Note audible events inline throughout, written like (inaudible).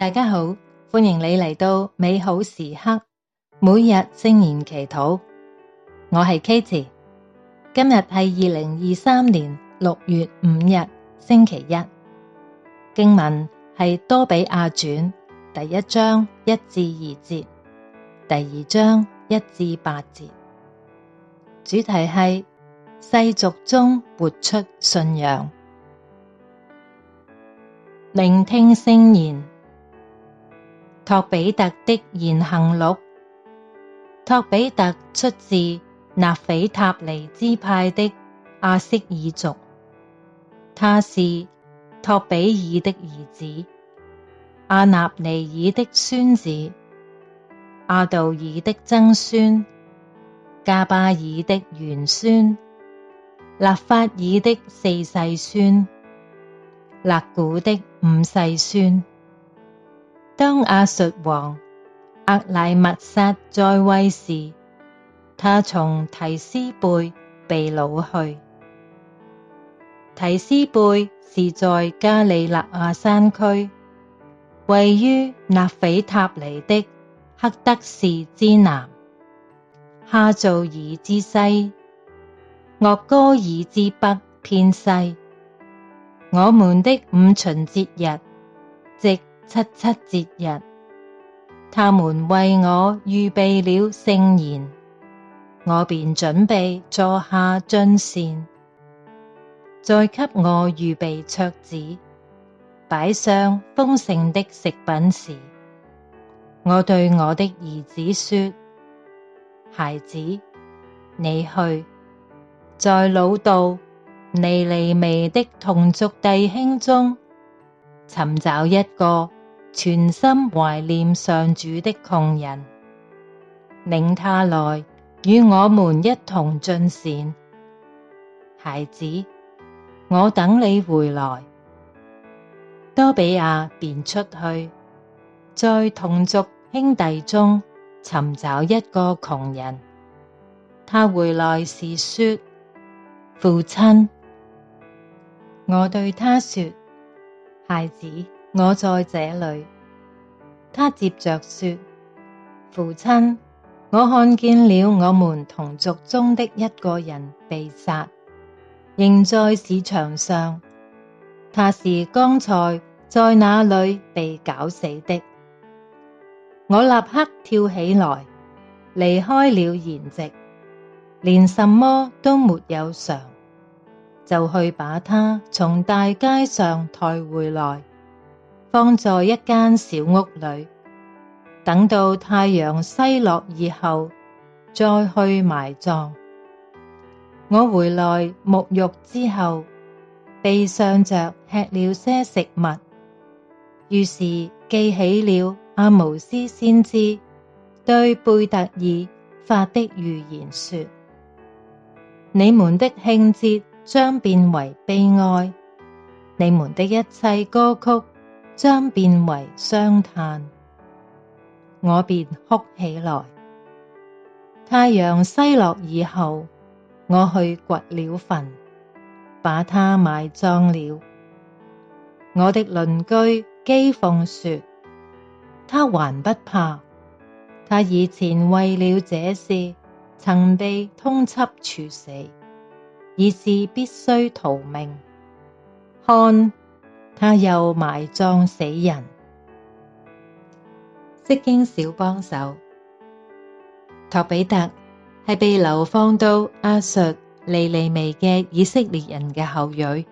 大家好，歡迎你嚟到美好時刻，每日聖言祈禱。我係 Katie，今日係二零二三年六月五日星期一。經文係多俾亞傳第一章一至二節，第二章一至八節。主題係世俗中活出信仰。聆聽聖言。托彼特的言行錄。托彼特出自納斐塔里支派的阿息耳族，他是托彼耳的兒子，阿納尼耳的孫子，阿杜耳的曾孫，加巴耳的玄孫，辣法耳的四世孫，辣古的五世孫。當亞述王厄乃默撒在位時，他從提斯貝被擄去。提斯貝是在加里肋亞山區，位於納斐塔里的刻德士之南，哈祚爾之西，岳哥爾之北偏西。我們的五旬節日即七七節日，他們為我預備了盛筵，我便準備坐下進膳。在給我預備桌子、擺上豐盛的食品時，我對我的兒子說：孩子，你去，在擄到尼尼微的同族弟兄中尋找一個。全心懷念上主的窮人，領他來與我們一同進膳。孩子，我等你回來。多俾亞便出去，在同族兄弟中尋找一個窮人。他回來時說：父親，我對他說，孩子。我在這裡，他接着說：父親，我看見了我們同族中的一個人被殺，扔在市場上。他是剛才在那裡被絞死的。我立刻跳起來，離開了筵席，連什麼都沒有嘗，就去把他從大街上抬回來。放在一間小屋裏，等到太陽西落以後再去埋葬。我回來沐浴之後，悲傷著吃了些食物，於是記起了亞毛斯先知對貝特耳發的預言說：說你們的慶節將變為悲哀，你們的一切歌曲。將變為傷嘆，我便哭起來。太陽西落以後，我去掘了墳，把他埋葬了。我的鄰居譏諷說：他還不怕，他以前為了這事曾被通緝處死，以致必須逃命。看。他又埋葬死人，釋經小幫手。托彼特係被流放到亞述尼尼微嘅以色列人嘅後裔，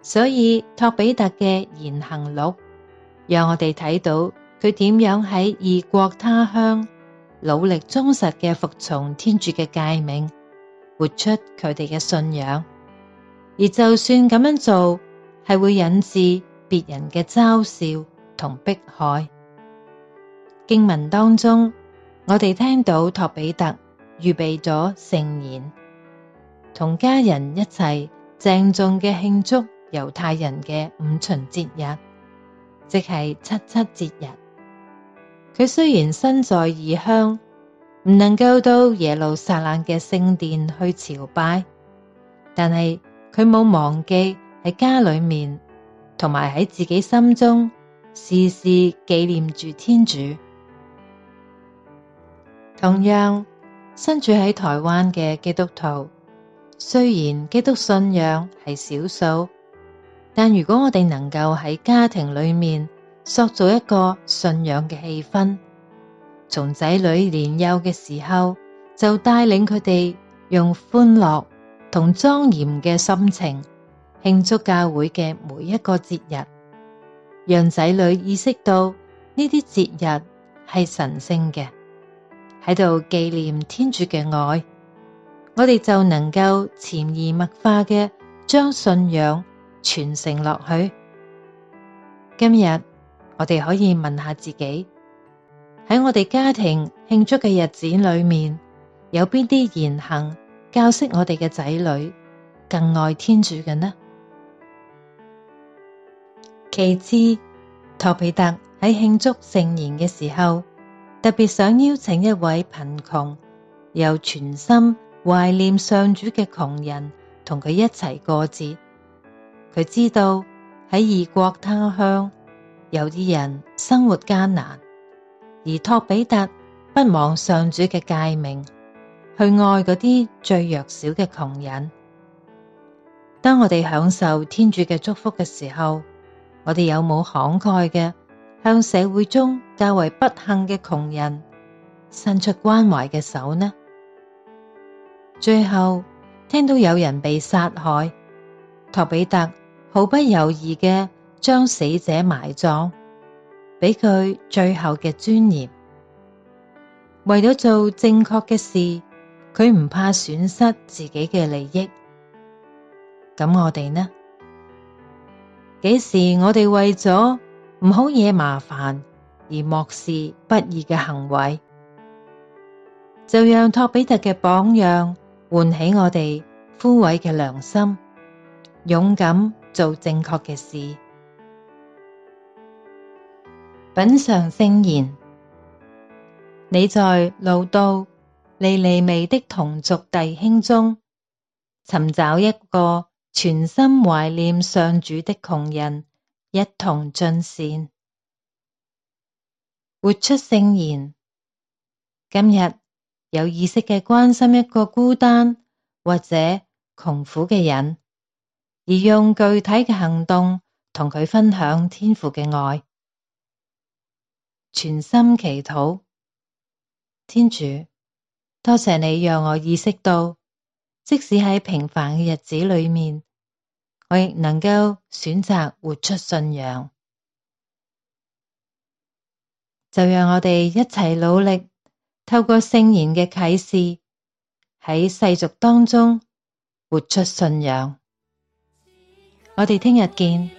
所以托彼特嘅言行錄讓我哋睇到佢點樣喺異國他鄉努力忠實嘅服從天主嘅誡命，活出佢哋嘅信仰。而就算咁樣做。係會引致別人嘅嘲笑同迫害。經文當中，我哋聽到托彼特預備咗盛宴，同家人一齊鄭重嘅慶祝猶太人嘅五旬節日，即係七七節日。佢雖然身在異鄉，唔能夠到耶路撒冷嘅聖殿去朝拜，但係佢冇忘記。喺家裏面，同埋喺自己心中，時時紀念住天主。同樣，身處喺台灣嘅基督徒，雖然基督信仰係少數，但如果我哋能夠喺家庭裏面塑造一個信仰嘅氣氛，從仔女年幼嘅時候就帶領佢哋用歡樂同莊嚴嘅心情。慶祝教會嘅每一個節日，讓仔女意識到呢啲節日係神聖嘅，喺度紀念天主嘅愛，我哋就能夠潛移默化嘅將信仰傳承落去。今日我哋可以問下自己：喺我哋家庭慶祝嘅日子裏面，有邊啲言行教識我哋嘅仔女更愛天主嘅呢？其次，托彼特喺慶祝盛筳嘅時候，特別想邀請一位貧窮又全心懷念上主嘅窮人同佢一齊過節。佢知道，喺異國他鄉有啲人生活艱難，而托彼特不忘上主嘅誡命，去愛嗰啲最弱小嘅窮人。當我哋享受天主嘅祝福嘅時候，我哋有冇慷慨嘅向社會中較為不幸嘅窮人伸出關懷嘅手呢？最後，聽到有人被殺害，托彼特毫不猶豫嘅將死者埋葬，俾佢最後嘅尊嚴。為咗做正確嘅事，佢唔怕損失自己嘅利益。咁我哋呢？幾時我哋為咗唔好惹麻煩而漠視不義嘅行為，就讓托彼特嘅榜樣喚起我哋枯萎嘅良心，勇敢做正確嘅事。品嚐聖言，你在擄到尼尼微的同族弟兄中尋找一個。全心懷念上主的窮人，一同進膳，活出聖言。今日有意識嘅關心一個孤單或者窮苦嘅人，而用具體嘅行動同佢分享天父嘅愛。全心祈禱，天主，多謝你讓我意識到。即使喺平凡嘅日子裏面，我亦能夠選擇活出信仰。就讓我哋一齊努力，透過聖言嘅啟示，喺世俗當中活出信仰。我哋聽日見。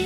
(music)